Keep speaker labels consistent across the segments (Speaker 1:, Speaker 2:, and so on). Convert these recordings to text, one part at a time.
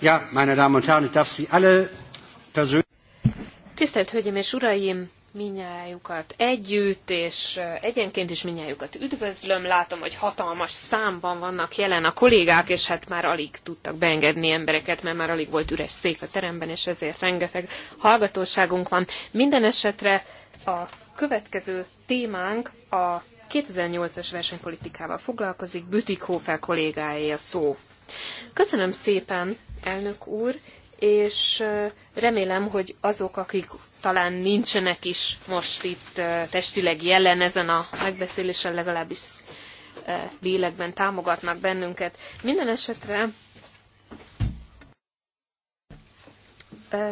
Speaker 1: Ja, meine Damen und Herren, ich darf Sie alle persönlich...
Speaker 2: Tisztelt Hölgyeim és Uraim, minnyájukat együtt, és egyenként is minnyájukat üdvözlöm. Látom, hogy hatalmas számban vannak jelen a kollégák, és hát már alig tudtak beengedni embereket, mert már alig volt üres szék a teremben, és ezért rengeteg hallgatóságunk van. Minden esetre a következő témánk a 2008-as versenypolitikával foglalkozik, Bütikhofer kollégáé a szó. Köszönöm szépen elnök úr, és remélem, hogy azok, akik talán nincsenek is most itt testileg jelen ezen a megbeszélésen, legalábbis lélekben támogatnak bennünket. Minden esetre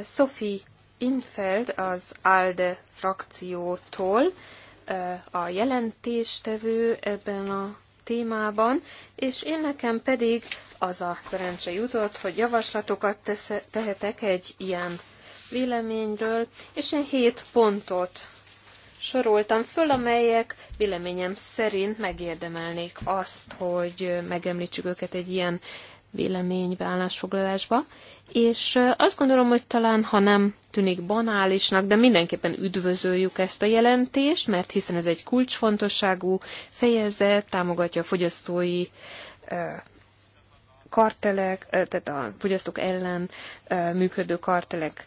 Speaker 2: Sophie Infeld az ALDE frakciótól a jelentéstevő ebben a témában, és én nekem pedig az a szerencse jutott, hogy javaslatokat tesz- tehetek egy ilyen véleményről, és én hét pontot soroltam föl, amelyek véleményem szerint megérdemelnék azt, hogy megemlítsük őket egy ilyen véleménybe, állásfoglalásba, és azt gondolom, hogy talán, ha nem tűnik banálisnak, de mindenképpen üdvözöljük ezt a jelentést, mert hiszen ez egy kulcsfontosságú fejezet, támogatja a fogyasztói kartelek, tehát a fogyasztók ellen működő kartelek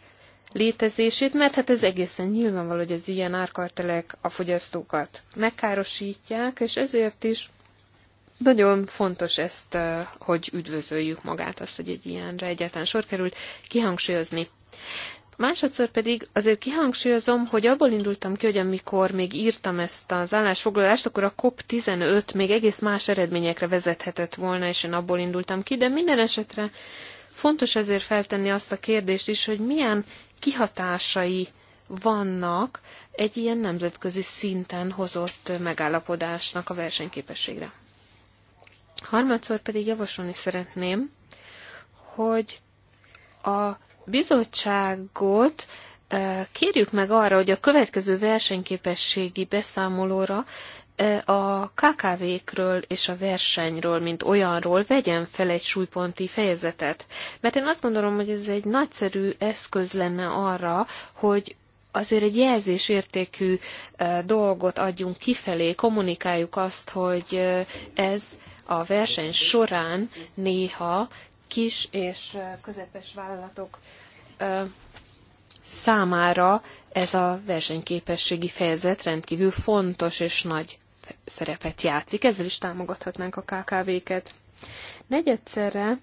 Speaker 2: létezését, mert hát ez egészen nyilvánvaló, hogy az ilyen árkartelek a fogyasztókat megkárosítják, és ezért is nagyon fontos ezt, hogy üdvözöljük magát, azt, hogy egy ilyenre egyáltalán sor került kihangsúlyozni. Másodszor pedig azért kihangsúlyozom, hogy abból indultam ki, hogy amikor még írtam ezt az állásfoglalást, akkor a COP15 még egész más eredményekre vezethetett volna, és én abból indultam ki, de minden esetre fontos ezért feltenni azt a kérdést is, hogy milyen kihatásai vannak egy ilyen nemzetközi szinten hozott megállapodásnak a versenyképességre. Harmadszor pedig javasolni szeretném, hogy a bizottságot kérjük meg arra, hogy a következő versenyképességi beszámolóra a KKV-kről és a versenyről, mint olyanról vegyen fel egy súlyponti fejezetet. Mert én azt gondolom, hogy ez egy nagyszerű eszköz lenne arra, hogy azért egy jelzésértékű dolgot adjunk kifelé, kommunikáljuk azt, hogy ez a verseny során néha kis és közepes vállalatok számára ez a versenyképességi fejezet rendkívül fontos és nagy szerepet játszik. Ezzel is támogathatnánk a KKV-ket. Negyedszerre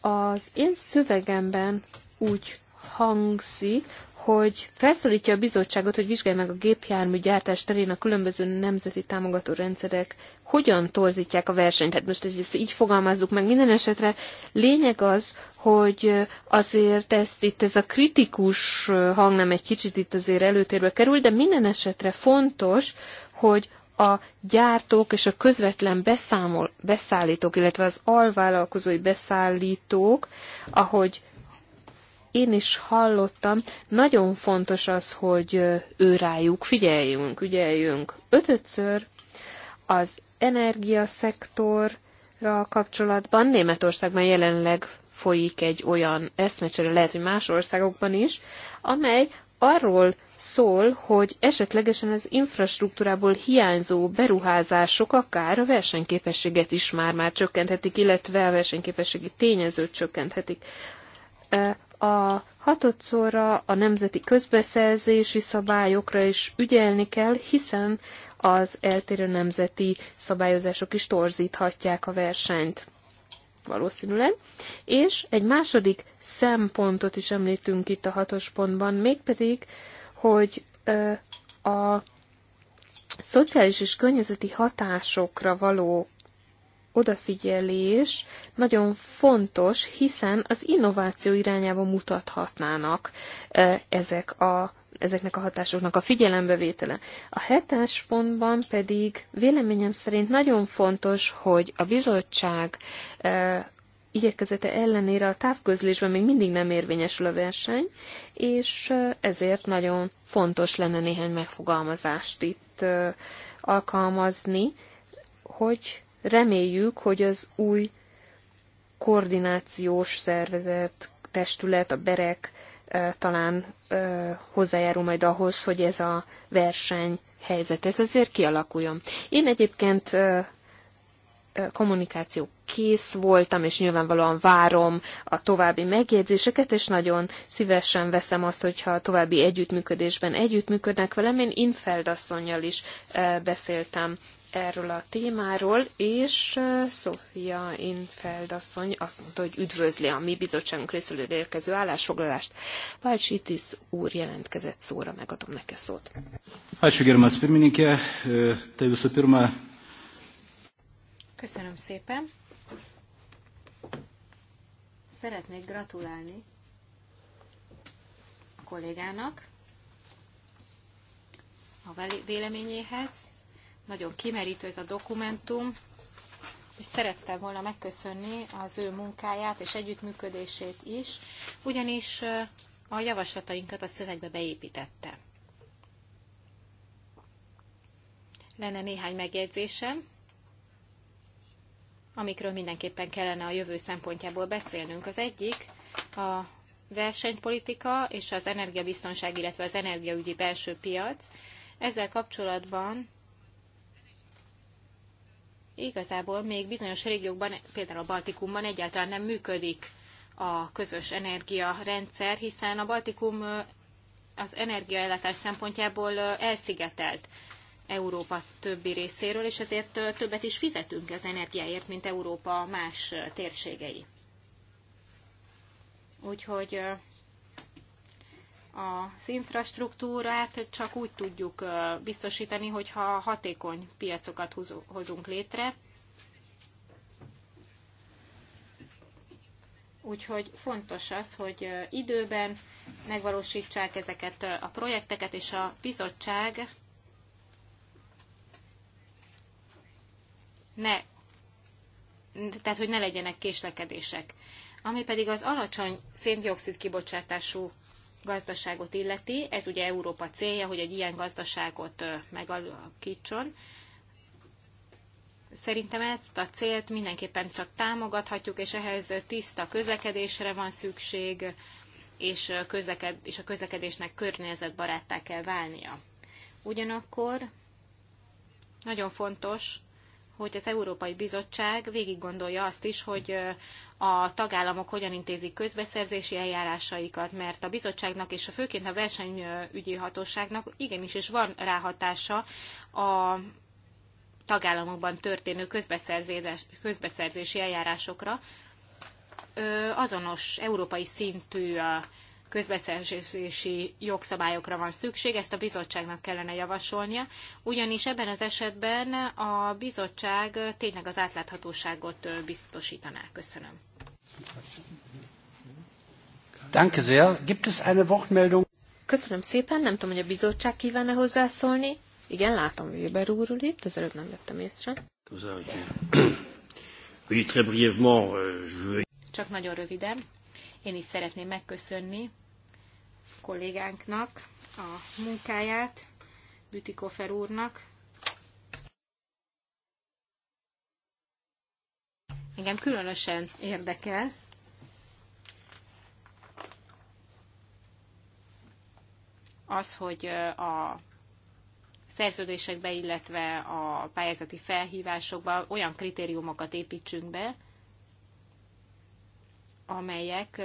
Speaker 2: az én szövegemben úgy hangzik, hogy felszólítja a bizottságot, hogy vizsgálja meg a gépjármű gyártás terén a különböző nemzeti támogató rendszerek hogyan torzítják a versenyt. Hát most ezt így fogalmazzuk meg minden esetre. Lényeg az, hogy azért ezt itt ez a kritikus hang nem egy kicsit itt azért előtérbe kerül, de minden esetre fontos, hogy a gyártók és a közvetlen beszámol, beszállítók, illetve az alvállalkozói beszállítók, ahogy én is hallottam, nagyon fontos az, hogy őrájuk figyeljünk, ügyeljünk. Ötödször az energiaszektorra kapcsolatban Németországban jelenleg folyik egy olyan eszmecsere, lehet, hogy más országokban is, amely arról szól, hogy esetlegesen az infrastruktúrából hiányzó beruházások akár a versenyképességet is már-már csökkenthetik, illetve a versenyképességi tényezőt csökkenthetik a hatodszorra a nemzeti közbeszerzési szabályokra is ügyelni kell, hiszen az eltérő nemzeti szabályozások is torzíthatják a versenyt valószínűleg. És egy második szempontot is említünk itt a hatos pontban, mégpedig, hogy a szociális és környezeti hatásokra való odafigyelés nagyon fontos, hiszen az innováció irányába mutathatnának e, ezek a, ezeknek a hatásoknak a figyelembevétele. A hetes pontban pedig véleményem szerint nagyon fontos, hogy a bizottság e, igyekezete ellenére a távközlésben még mindig nem érvényesül a verseny, és e, ezért nagyon fontos lenne néhány megfogalmazást itt alkalmazni, hogy Reméljük, hogy az új koordinációs szervezet, testület, a berek talán hozzájárul majd ahhoz, hogy ez a verseny helyzet, ez azért kialakuljon. Én egyébként kommunikáció kész voltam, és nyilvánvalóan várom a további megjegyzéseket, és nagyon szívesen veszem azt, hogyha a további együttműködésben együttműködnek velem. Én Infeld asszonynal is beszéltem erről a témáról, és Sofia Infeld asszony azt mondta, hogy üdvözli a mi bizottságunk részéről érkező állásfoglalást. Valcsitis úr jelentkezett szóra, megadom neki szót.
Speaker 1: Ačiū, gerbiamas pirmininkė. Tai
Speaker 3: Köszönöm szépen. Szeretnék gratulálni a kollégának a véleményéhez nagyon kimerítő ez a dokumentum, és szerettem volna megköszönni az ő munkáját és együttműködését is, ugyanis a javaslatainkat a szövegbe beépítette. Lenne néhány megjegyzésem, amikről mindenképpen kellene a jövő szempontjából beszélnünk. Az egyik a versenypolitika és az energiabiztonság, illetve az energiaügyi belső piac. Ezzel kapcsolatban igazából még bizonyos régiókban, például a Baltikumban egyáltalán nem működik a közös energiarendszer, hiszen a Baltikum az energiaellátás szempontjából elszigetelt Európa többi részéről, és ezért többet is fizetünk az energiáért, mint Európa más térségei. Úgyhogy az infrastruktúrát csak úgy tudjuk biztosítani, hogyha hatékony piacokat hozunk létre. Úgyhogy fontos az, hogy időben megvalósítsák ezeket a projekteket, és a bizottság ne, tehát hogy ne legyenek késlekedések. Ami pedig az alacsony széndiokszid kibocsátású gazdaságot illeti, ez ugye Európa célja, hogy egy ilyen gazdaságot megalakítson. Szerintem ezt a célt mindenképpen csak támogathatjuk, és ehhez tiszta közlekedésre van szükség, és, közleked, és a közlekedésnek környezetbaráttá kell válnia. Ugyanakkor nagyon fontos hogy az Európai Bizottság végig gondolja azt is, hogy a tagállamok hogyan intézik közbeszerzési eljárásaikat, mert a bizottságnak és a főként a versenyügyi hatóságnak igenis is van ráhatása a tagállamokban történő közbeszerzési eljárásokra, azonos európai szintű közbeszerzési jogszabályokra van szükség, ezt a bizottságnak kellene javasolnia, ugyanis ebben az esetben a bizottság tényleg az átláthatóságot biztosítaná. Köszönöm.
Speaker 1: Danke sehr. Gibt es eine Wortmeldung?
Speaker 2: Köszönöm szépen, nem tudom, hogy a bizottság kívánna hozzászólni. Igen, látom Weber
Speaker 3: úrul itt, az előbb nem vettem észre. Euh, Csak nagyon röviden. Én is szeretném megköszönni kollégánknak a munkáját, Bütikofer úrnak. Engem különösen érdekel, az, hogy a szerződésekbe, illetve a pályázati felhívásokba olyan kritériumokat építsünk be, amelyek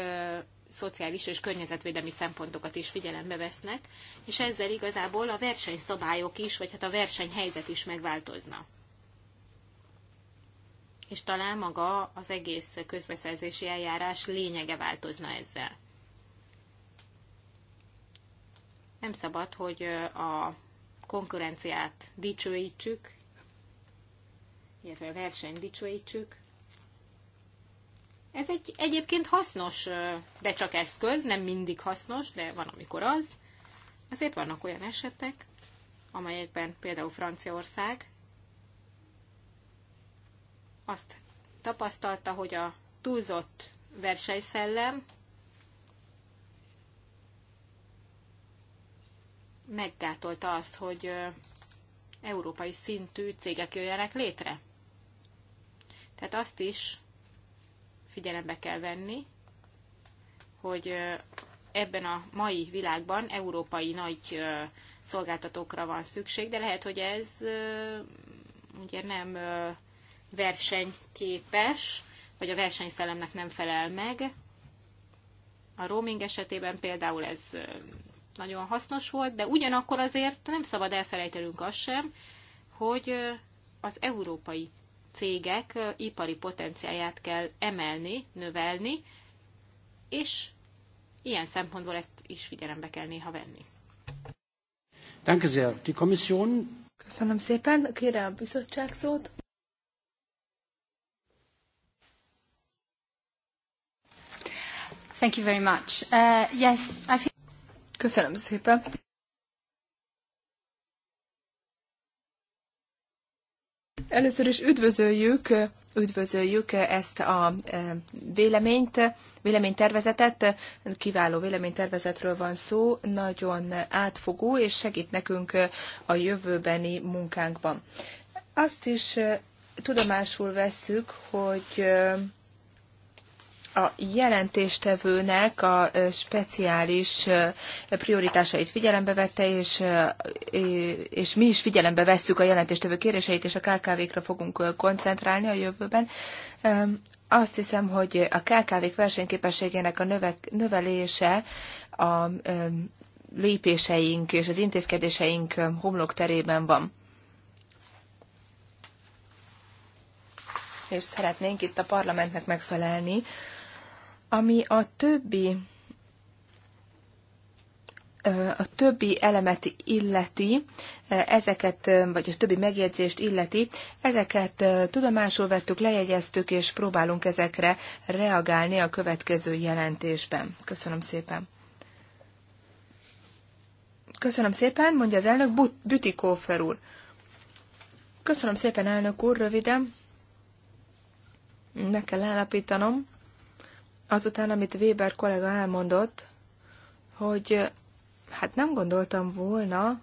Speaker 3: szociális és környezetvédelmi szempontokat is figyelembe vesznek, és ezzel igazából a versenyszabályok is, vagy hát a versenyhelyzet is megváltozna. És talán maga az egész közbeszerzési eljárás lényege változna ezzel. Nem szabad, hogy a konkurenciát dicsőítsük, illetve a versenyt dicsőítsük, ez egy egyébként hasznos, de csak eszköz, nem mindig hasznos, de van, amikor az. Azért vannak olyan esetek, amelyekben például Franciaország azt tapasztalta, hogy a túlzott versenyszellem meggátolta azt, hogy európai szintű cégek jöjjenek létre. Tehát azt is figyelembe kell venni, hogy ebben a mai világban európai nagy szolgáltatókra van szükség, de lehet, hogy ez ugye nem versenyképes, vagy a versenyszellemnek nem felel meg. A roaming esetében például ez nagyon hasznos volt, de ugyanakkor azért nem szabad elfelejtenünk azt sem, hogy az európai cégek ipari potenciáját kell emelni, növelni, és ilyen szempontból ezt is
Speaker 4: figyelembe kell néha venni.
Speaker 1: Danke sehr. Die Kommission.
Speaker 4: Köszönöm szépen. Kérem a bizottság szót.
Speaker 2: Thank you very much. Uh, yes, I feel...
Speaker 4: Köszönöm szépen. Először is üdvözöljük, üdvözöljük ezt a e, véleményt, véleménytervezetet. Kiváló véleménytervezetről van szó, nagyon átfogó, és segít nekünk a jövőbeni munkánkban. Azt is e, tudomásul vesszük, hogy e, a jelentéstevőnek a speciális prioritásait figyelembe vette, és, és mi is figyelembe vesszük a jelentéstevő kéréseit, és a KKV-kra fogunk koncentrálni a jövőben. Azt hiszem, hogy a KKV-k versenyképességének a növek, növelése a lépéseink és az intézkedéseink homlokterében van. És szeretnénk itt a parlamentnek megfelelni, ami a többi a többi elemet illeti, ezeket, vagy a többi megjegyzést illeti, ezeket tudomásul vettük, lejegyeztük, és próbálunk ezekre reagálni a következő jelentésben. Köszönöm szépen. Köszönöm szépen, mondja az elnök Bütikófer úr. Köszönöm szépen, elnök úr, röviden. Ne kell állapítanom, azután, amit Weber kollega elmondott, hogy hát nem gondoltam volna,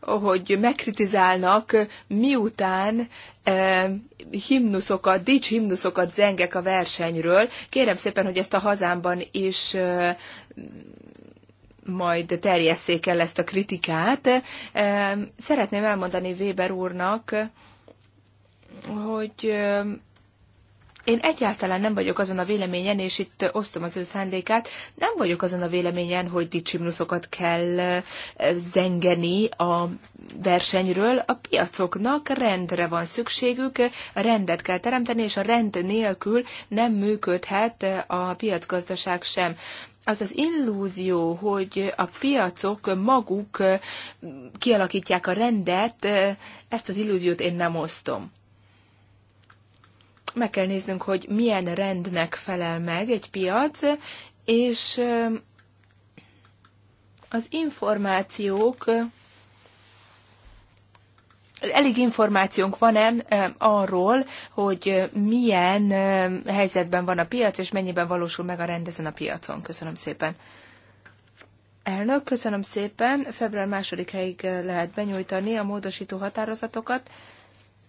Speaker 4: hogy megkritizálnak, miután e, himnuszokat, dics himnuszokat zengek a versenyről. Kérem szépen, hogy ezt a hazámban is e, majd terjesszék el ezt a kritikát. E, szeretném elmondani Weber úrnak, hogy e, én egyáltalán nem vagyok azon a véleményen, és itt osztom az ő szándékát, nem vagyok azon a véleményen, hogy dicsimnuszokat kell zengeni a versenyről. A piacoknak rendre van szükségük, rendet kell teremteni, és a rend nélkül nem működhet a piacgazdaság sem az az illúzió, hogy a piacok maguk kialakítják a rendet, ezt az illúziót én nem osztom meg kell néznünk, hogy milyen rendnek felel meg egy piac, és az információk, elég információnk van-e arról, hogy milyen helyzetben van a piac, és mennyiben valósul meg a rend ezen a piacon. Köszönöm szépen. Elnök, köszönöm szépen. Február helyig lehet benyújtani a módosító határozatokat,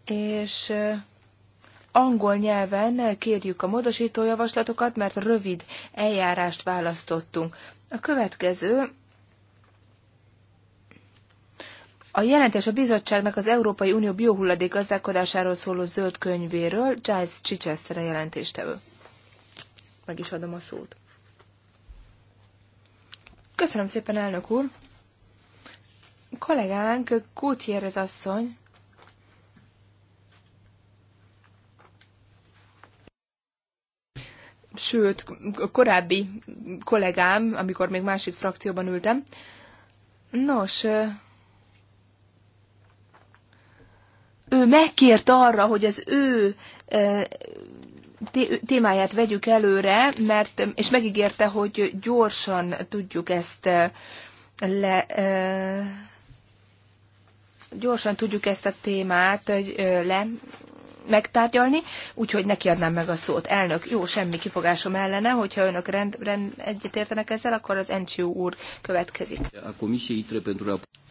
Speaker 4: és angol nyelven kérjük a módosító javaslatokat, mert rövid eljárást választottunk. A következő a jelentés a bizottságnak az Európai Unió biohulladék gazdálkodásáról szóló zöld könyvéről, Giles Chichester a jelentéstevő. Meg is adom a szót. Köszönöm szépen, elnök úr! kollégánk Kutyérez asszony sőt, a korábbi kollégám, amikor még másik frakcióban ültem. Nos, ő megkért arra, hogy az ő témáját vegyük előre, mert, és megígérte, hogy gyorsan tudjuk ezt le, gyorsan tudjuk ezt a témát le megtárgyalni, úgyhogy neki adnám meg a szót. Elnök, jó, semmi kifogásom ellene, hogyha önök rend, rend egyetértenek ezzel, akkor az NCO úr következik.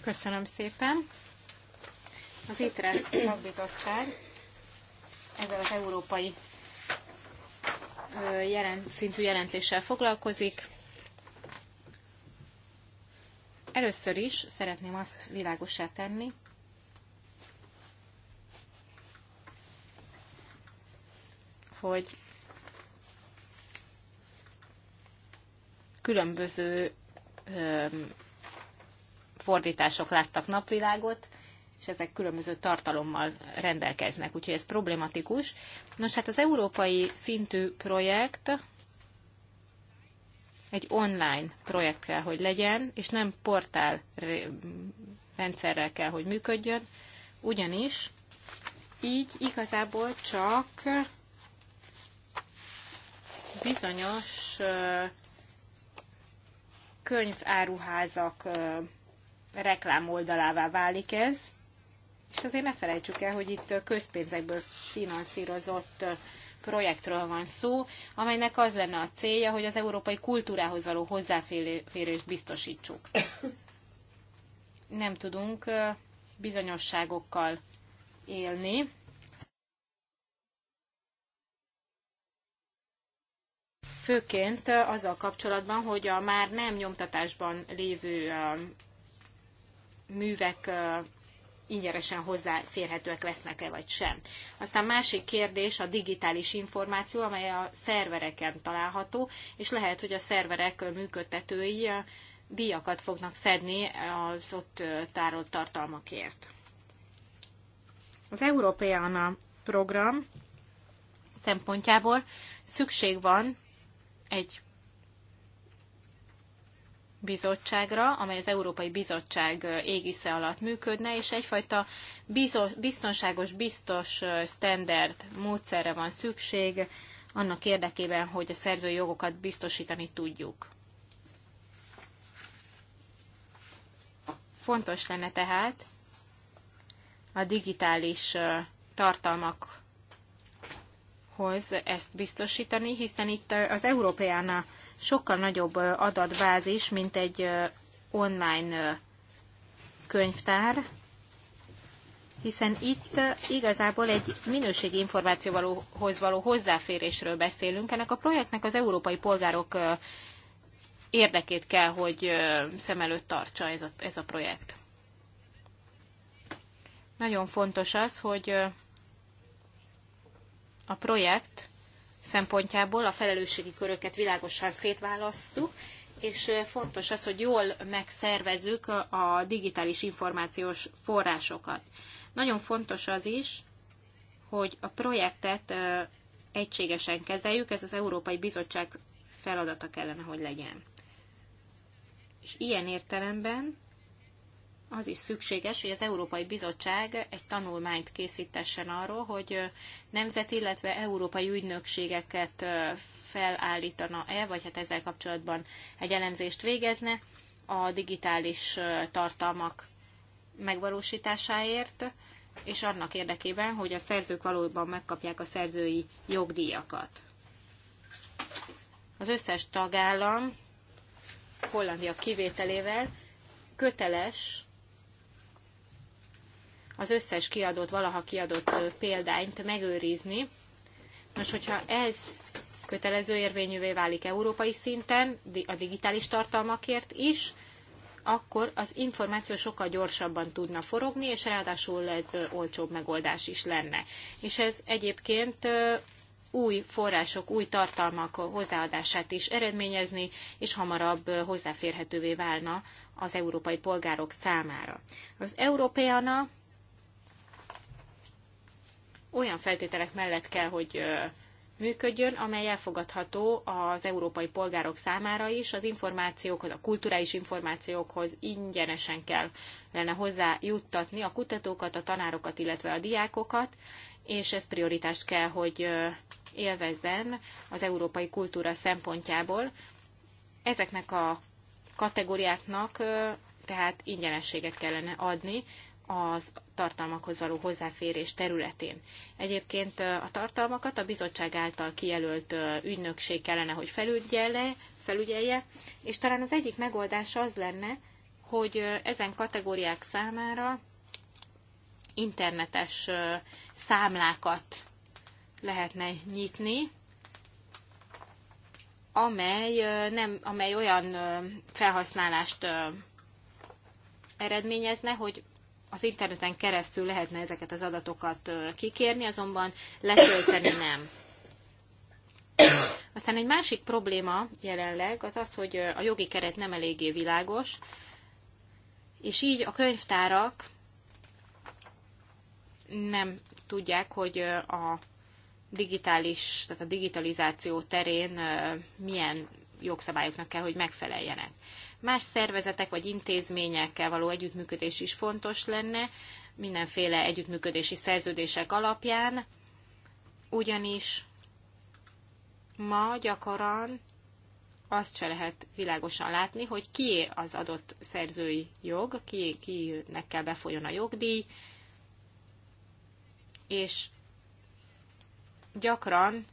Speaker 4: Köszönöm szépen. Az ITRE
Speaker 3: szakbizottság ezzel az európai jelent, szintű jelentéssel foglalkozik. Először is szeretném azt világosá tenni, hogy különböző fordítások láttak napvilágot, és ezek különböző tartalommal rendelkeznek, úgyhogy ez problematikus. Nos, hát az európai szintű projekt egy online projekt kell, hogy legyen, és nem portál rendszerrel kell, hogy működjön, ugyanis így igazából csak bizonyos könyváruházak reklámoldalává válik ez, és azért ne felejtsük el, hogy itt közpénzekből finanszírozott projektről van szó, amelynek az lenne a célja, hogy az európai kultúrához való hozzáférést biztosítsuk. Nem tudunk bizonyosságokkal élni, főként azzal kapcsolatban, hogy a már nem nyomtatásban lévő művek ingyenesen hozzáférhetőek lesznek-e vagy sem. Aztán másik kérdés a digitális információ, amely a szervereken található, és lehet, hogy a szerverek működtetői díjakat fognak szedni az ott tárolt tartalmakért. Az Európeana program szempontjából szükség van egy bizottságra, amely az Európai Bizottság égisze alatt működne, és egyfajta biztonságos, biztos standard módszerre van szükség annak érdekében, hogy a szerzői jogokat biztosítani tudjuk. Fontos lenne tehát a digitális tartalmak hoz ezt biztosítani, hiszen itt az Európeánál sokkal nagyobb adatbázis, mint egy online könyvtár, hiszen itt igazából egy minőségi információhoz való hozzáférésről beszélünk. Ennek a projektnek az európai polgárok érdekét kell, hogy szem előtt tartsa ez a, ez a projekt. Nagyon fontos az, hogy a projekt szempontjából a felelősségi köröket világosan szétválasszuk, és fontos az, hogy jól megszervezzük a digitális információs forrásokat. Nagyon fontos az is, hogy a projektet egységesen kezeljük, ez az Európai Bizottság feladata kellene, hogy legyen. És ilyen értelemben az is szükséges, hogy az Európai Bizottság egy tanulmányt készítessen arról, hogy nemzeti, illetve európai ügynökségeket felállítana-e, vagy hát ezzel kapcsolatban egy elemzést végezne a digitális tartalmak megvalósításáért, és annak érdekében, hogy a szerzők valóban megkapják a szerzői jogdíjakat. Az összes tagállam, Hollandia kivételével, köteles az összes kiadott, valaha kiadott példányt megőrizni. Most, hogyha ez kötelező érvényűvé válik európai szinten, a digitális tartalmakért is, akkor az információ sokkal gyorsabban tudna forogni, és ráadásul ez olcsóbb megoldás is lenne. És ez egyébként új források, új tartalmak hozzáadását is eredményezni, és hamarabb hozzáférhetővé válna az európai polgárok számára. Az Európeana olyan feltételek mellett kell, hogy működjön, amely elfogadható az európai polgárok számára is, az információkhoz, a kulturális információkhoz ingyenesen kell lenne hozzá juttatni a kutatókat, a tanárokat, illetve a diákokat, és ez prioritást kell, hogy élvezzen az európai kultúra szempontjából. Ezeknek a kategóriáknak tehát ingyenességet kellene adni az tartalmakhoz való hozzáférés területén. Egyébként a tartalmakat a bizottság által kijelölt ügynökség kellene, hogy felügyelje, felügyelje és talán az egyik megoldás az lenne, hogy ezen kategóriák számára internetes számlákat lehetne nyitni, amely, nem, amely olyan felhasználást eredményezne, hogy az interneten keresztül lehetne ezeket az adatokat kikérni, azonban letölteni nem. Aztán egy másik probléma jelenleg az az, hogy a jogi keret nem eléggé világos, és így a könyvtárak nem tudják, hogy a digitális, tehát a digitalizáció terén milyen jogszabályoknak kell, hogy megfeleljenek. Más szervezetek vagy intézményekkel való együttműködés is fontos lenne, mindenféle együttműködési szerződések alapján, ugyanis ma gyakran azt se lehet világosan látni, hogy kié az adott szerzői jog, kié, kinek kell befolyjon a jogdíj, és gyakran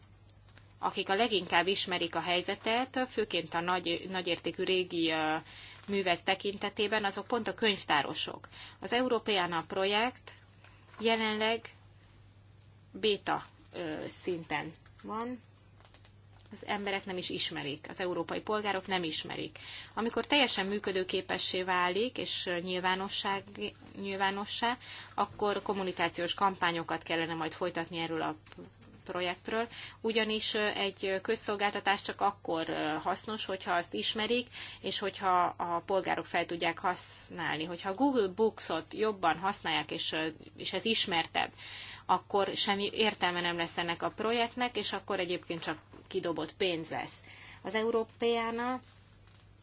Speaker 3: akik a leginkább ismerik a helyzetet, főként a nagy, nagyértékű régi művek tekintetében, azok pont a könyvtárosok. Az Európeána projekt jelenleg béta szinten van, az emberek nem is ismerik, az európai polgárok nem ismerik. Amikor teljesen működőképessé válik, és nyilvánosság, nyilvánossá, akkor kommunikációs kampányokat kellene majd folytatni erről a projektről, ugyanis egy közszolgáltatás csak akkor hasznos, hogyha azt ismerik, és hogyha a polgárok fel tudják használni. Hogyha a Google Books-ot jobban használják, és, és ez ismertebb, akkor semmi értelme nem lesz ennek a projektnek, és akkor egyébként csak kidobott pénz lesz. Az Európéána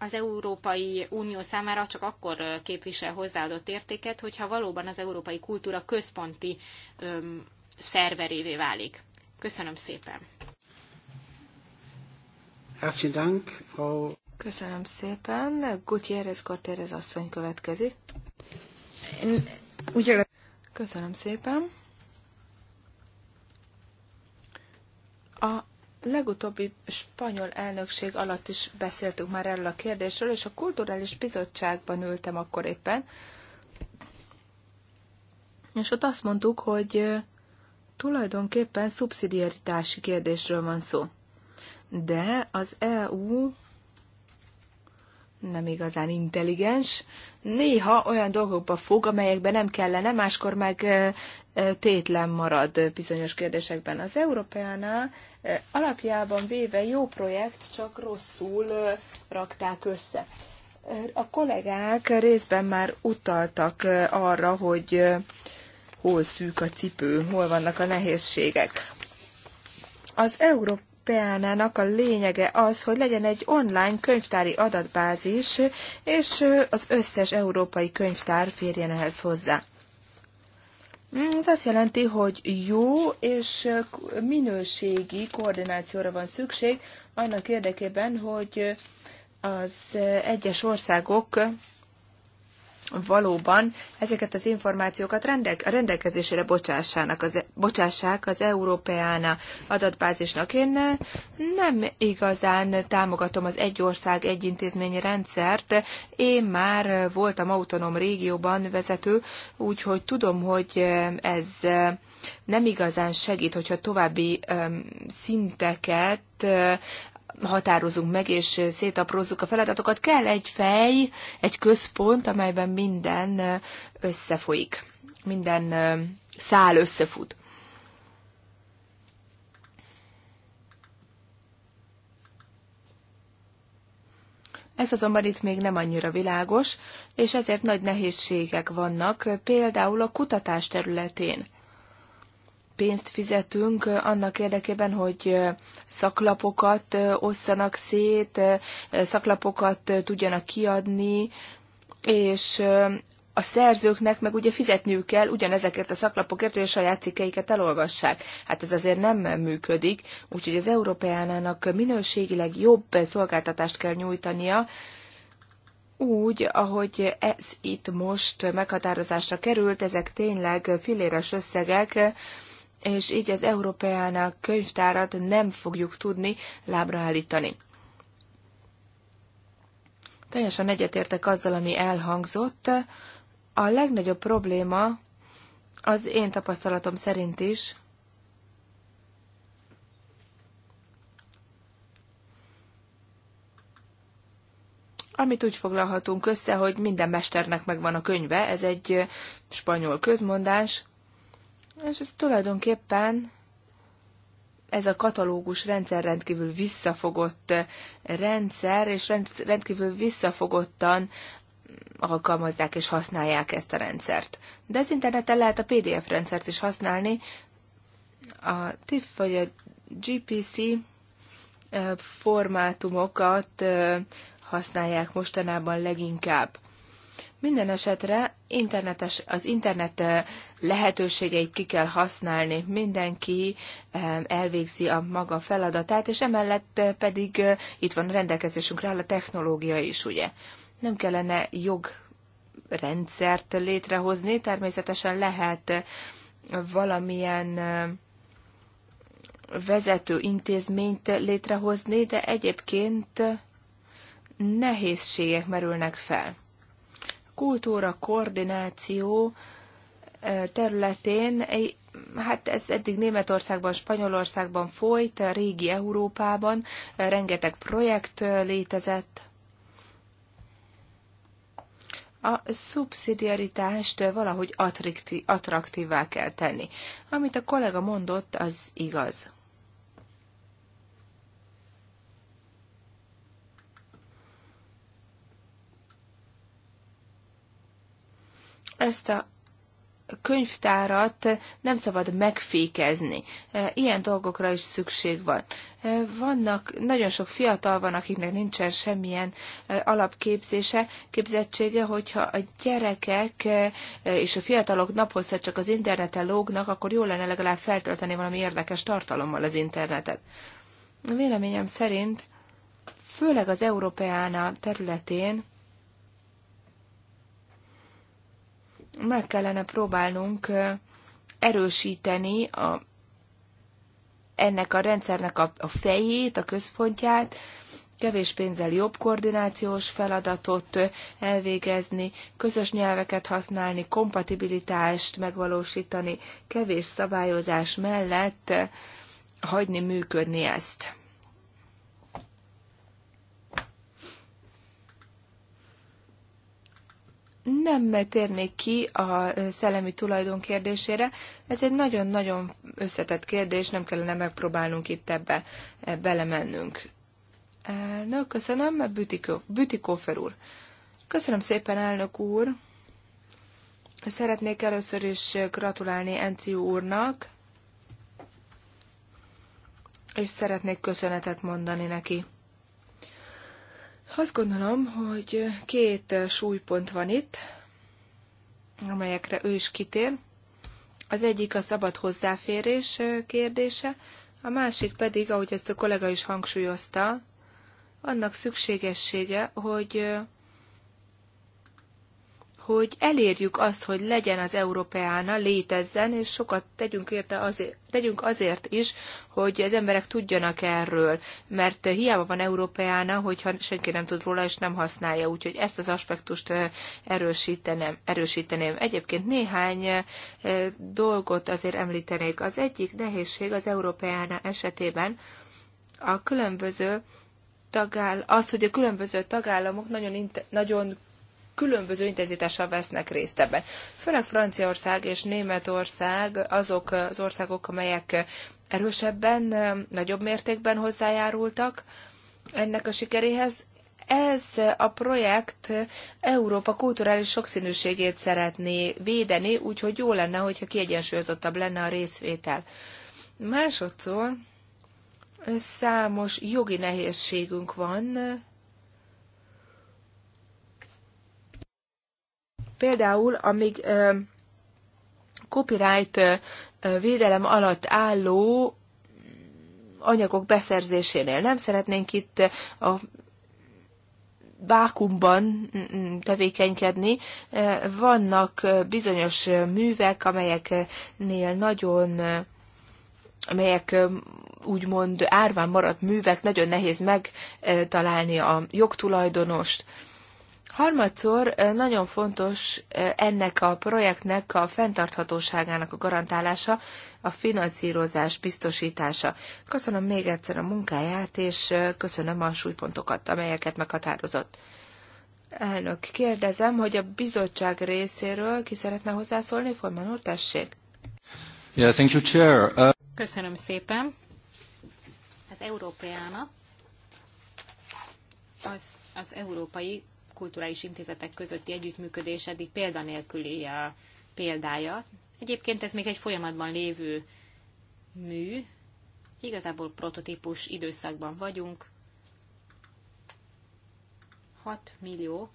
Speaker 3: az Európai Unió számára csak akkor képvisel hozzáadott értéket, hogyha valóban az európai kultúra központi öm, szerverévé válik.
Speaker 4: Köszönöm szépen! Köszönöm szépen. Gutierrez Cortérez asszony következik. Köszönöm szépen. A legutóbbi spanyol elnökség alatt is beszéltünk már erről a kérdésről, és a kulturális bizottságban ültem akkor éppen, és ott azt mondtuk, hogy Tulajdonképpen szubszidiaritási kérdésről van szó. De az EU nem igazán intelligens, néha olyan dolgokba fog, amelyekben nem kellene, máskor meg tétlen marad bizonyos kérdésekben. Az Európeánál alapjában véve jó projekt, csak rosszul rakták össze. A kollégák részben már utaltak arra, hogy hol szűk a cipő, hol vannak a nehézségek. Az Európa a lényege az, hogy legyen egy online könyvtári adatbázis, és az összes európai könyvtár férjen ehhez hozzá. Ez azt jelenti, hogy jó és minőségi koordinációra van szükség annak érdekében, hogy az egyes országok valóban ezeket az információkat rendelk- a rendelkezésére bocsássának az, e, bocsássák az Európeána adatbázisnak. Én nem igazán támogatom az egy ország, egy intézmény rendszert. Én már voltam autonóm régióban vezető, úgyhogy tudom, hogy ez nem igazán segít, hogyha további szinteket határozunk meg, és szétaprózzuk a feladatokat. Kell egy fej, egy központ, amelyben minden összefolyik, minden szál összefut. Ez azonban itt még nem annyira világos, és ezért nagy nehézségek vannak, például a kutatás területén pénzt fizetünk annak érdekében, hogy szaklapokat osszanak szét, szaklapokat tudjanak kiadni, és a szerzőknek meg ugye fizetniük kell ugyanezekért a szaklapokért, hogy a saját cikkeiket elolvassák. Hát ez azért nem működik, úgyhogy az Európeánának minőségileg jobb szolgáltatást kell nyújtania, úgy, ahogy ez itt most meghatározásra került, ezek tényleg filéres összegek, és így az Európeának könyvtárat nem fogjuk tudni lábra állítani. Teljesen egyetértek azzal, ami elhangzott. A legnagyobb probléma az én tapasztalatom szerint is, amit úgy foglalhatunk össze, hogy minden mesternek megvan a könyve, ez egy spanyol közmondás, és ez tulajdonképpen ez a katalógus rendszer rendkívül visszafogott rendszer, és rendkívül visszafogottan alkalmazzák és használják ezt a rendszert. De az interneten lehet a PDF rendszert is használni. A TIFF vagy a GPC formátumokat használják mostanában leginkább. Minden esetre internetes, az internet lehetőségeit ki kell használni, mindenki elvégzi a maga feladatát, és emellett pedig itt van a rendelkezésünkre áll a technológia is, ugye. Nem kellene jogrendszert létrehozni, természetesen lehet valamilyen vezető intézményt létrehozni, de egyébként nehézségek merülnek fel kultúra, koordináció területén, hát ez eddig Németországban, Spanyolországban folyt, a régi Európában rengeteg projekt létezett. A szubszidiaritást valahogy attraktívvá kell tenni. Amit a kollega mondott, az igaz. ezt a könyvtárat nem szabad megfékezni. E, ilyen dolgokra is szükség van. E, vannak, nagyon sok fiatal van, akiknek nincsen semmilyen e, alapképzése, képzettsége, hogyha a gyerekek és a fiatalok naphozta csak az interneten lógnak, akkor jó lenne legalább feltölteni valami érdekes tartalommal az internetet. Véleményem szerint, főleg az Európeána területén, meg kellene próbálnunk erősíteni a, ennek a rendszernek a, a fejét, a központját, kevés pénzzel jobb koordinációs feladatot elvégezni, közös nyelveket használni, kompatibilitást megvalósítani, kevés szabályozás mellett hagyni működni ezt. Nem térnék ki a szellemi tulajdon kérdésére. Ez egy nagyon-nagyon összetett kérdés, nem kellene megpróbálnunk itt ebbe e, belemennünk. Na, köszönöm, Bütikó, Bütikófer úr. Köszönöm szépen, elnök úr. Szeretnék először is gratulálni Enciu úrnak, és szeretnék köszönetet mondani neki. Azt gondolom, hogy két súlypont van itt, amelyekre ő is kitér. Az egyik a szabad hozzáférés kérdése, a másik pedig, ahogy ezt a kollega is hangsúlyozta, annak szükségessége, hogy hogy elérjük azt, hogy legyen az Európeána, létezzen, és sokat tegyünk érte azért, tegyünk azért is, hogy az emberek tudjanak erről, mert hiába van Európeána, hogyha senki nem tud róla és nem használja, úgyhogy ezt az aspektust erősítenem, erősíteném. Egyébként néhány dolgot azért említenék. Az egyik nehézség az Európeána esetében a különböző tagáll, az, hogy a különböző tagállamok nagyon, nagyon különböző intenzitással vesznek részt ebben. Főleg Franciaország és Németország azok az országok, amelyek erősebben, nagyobb mértékben hozzájárultak ennek a sikeréhez. Ez a projekt Európa kulturális sokszínűségét szeretné védeni, úgyhogy jó lenne, hogyha kiegyensúlyozottabb lenne a részvétel. Másodszor számos jogi nehézségünk van Például, amíg copyright védelem alatt álló anyagok beszerzésénél. Nem szeretnénk itt a vákumban mm, mm, tevékenykedni. Vannak bizonyos művek, amelyeknél nagyon, amelyek úgymond árván maradt művek, nagyon nehéz megtalálni a jogtulajdonost. Harmadszor nagyon fontos ennek a projektnek a fenntarthatóságának a garantálása, a finanszírozás biztosítása. Köszönöm még egyszer a munkáját, és köszönöm a súlypontokat, amelyeket meghatározott. Elnök, kérdezem, hogy a bizottság részéről ki szeretne hozzászólni? Forman úr, tessék.
Speaker 1: Yeah, thank you, chair. Uh...
Speaker 4: Köszönöm szépen.
Speaker 3: Az Európeána az, az európai kulturális intézetek közötti együttműködés eddig példanélküli a uh, példája. Egyébként ez még egy folyamatban lévő mű, igazából prototípus időszakban vagyunk. 6 millió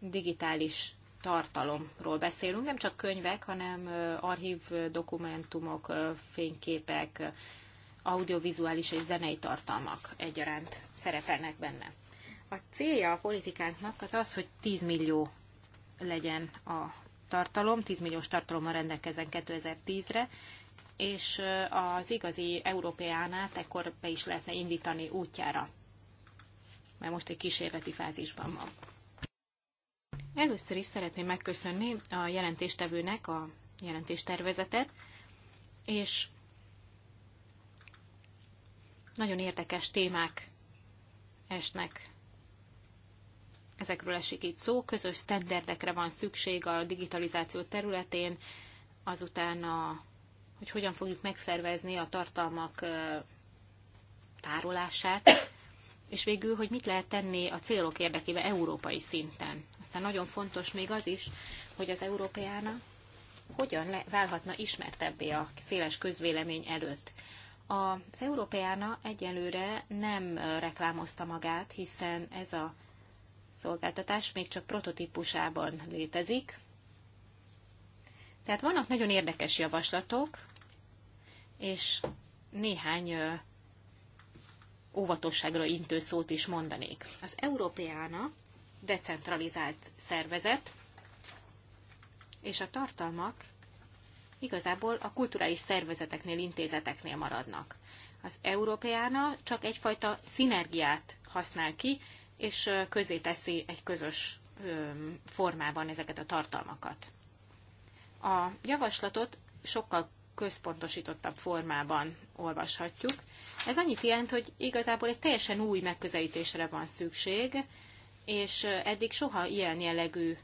Speaker 3: digitális tartalomról beszélünk, nem csak könyvek, hanem uh, archív dokumentumok, uh, fényképek, audiovizuális és zenei tartalmak egyaránt szerepelnek benne. A célja a politikánknak az az, hogy 10 millió legyen a tartalom, 10 milliós tartalommal rendelkezzen 2010-re, és az igazi ánát ekkor be is lehetne indítani útjára, mert most egy kísérleti fázisban van. Először is szeretném megköszönni a jelentéstevőnek a jelentéstervezetet, és nagyon érdekes témák esnek ezekről esik itt szó, közös standardekre van szükség a digitalizáció területén, azután, a, hogy hogyan fogjuk megszervezni a tartalmak tárolását, és végül, hogy mit lehet tenni a célok érdekében európai szinten. Aztán nagyon fontos még az is, hogy az európeána hogyan le, válhatna ismertebbé a széles közvélemény előtt. Az európeána egyelőre nem reklámozta magát, hiszen ez a szolgáltatás még csak prototípusában létezik. Tehát vannak nagyon érdekes javaslatok, és néhány óvatosságra intő szót is mondanék. Az Európeána decentralizált szervezet, és a tartalmak igazából a kulturális szervezeteknél, intézeteknél maradnak. Az Európeána csak egyfajta szinergiát használ ki és közé teszi egy közös formában ezeket a tartalmakat. A javaslatot sokkal központosítottabb formában olvashatjuk. Ez annyit jelent, hogy igazából egy teljesen új megközelítésre van szükség, és eddig soha ilyen jellegű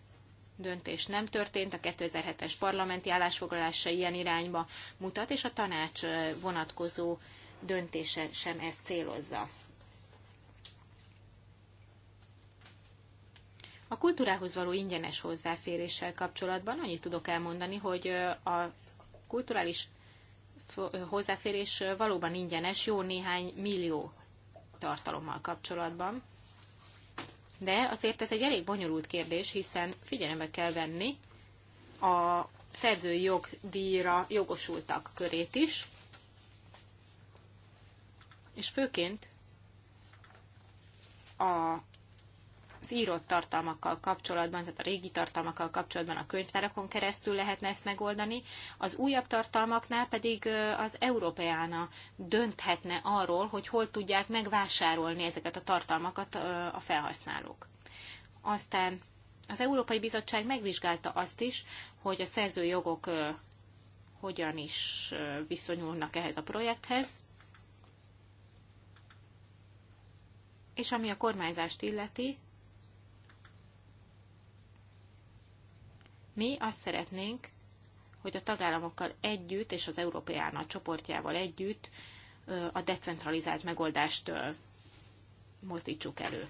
Speaker 3: döntés nem történt, a 2007-es parlamenti állásfoglalás se ilyen irányba mutat, és a tanács vonatkozó döntése sem ezt célozza. A kultúrához való ingyenes hozzáféréssel kapcsolatban annyit tudok elmondani, hogy a kulturális hozzáférés valóban ingyenes, jó néhány millió tartalommal kapcsolatban. De azért ez egy elég bonyolult kérdés, hiszen figyelembe kell venni a szerzői jogdíjra jogosultak körét is, és főként a az írott tartalmakkal kapcsolatban, tehát a régi tartalmakkal kapcsolatban a könyvtárakon keresztül lehetne ezt megoldani, az újabb tartalmaknál pedig az Európeána dönthetne arról, hogy hol tudják megvásárolni ezeket a tartalmakat a felhasználók. Aztán az Európai Bizottság megvizsgálta azt is, hogy a szerzőjogok hogyan is viszonyulnak ehhez a projekthez, és ami a kormányzást illeti, Mi azt szeretnénk, hogy a tagállamokkal együtt és az Európai Állam csoportjával együtt a decentralizált megoldást mozdítsuk elő.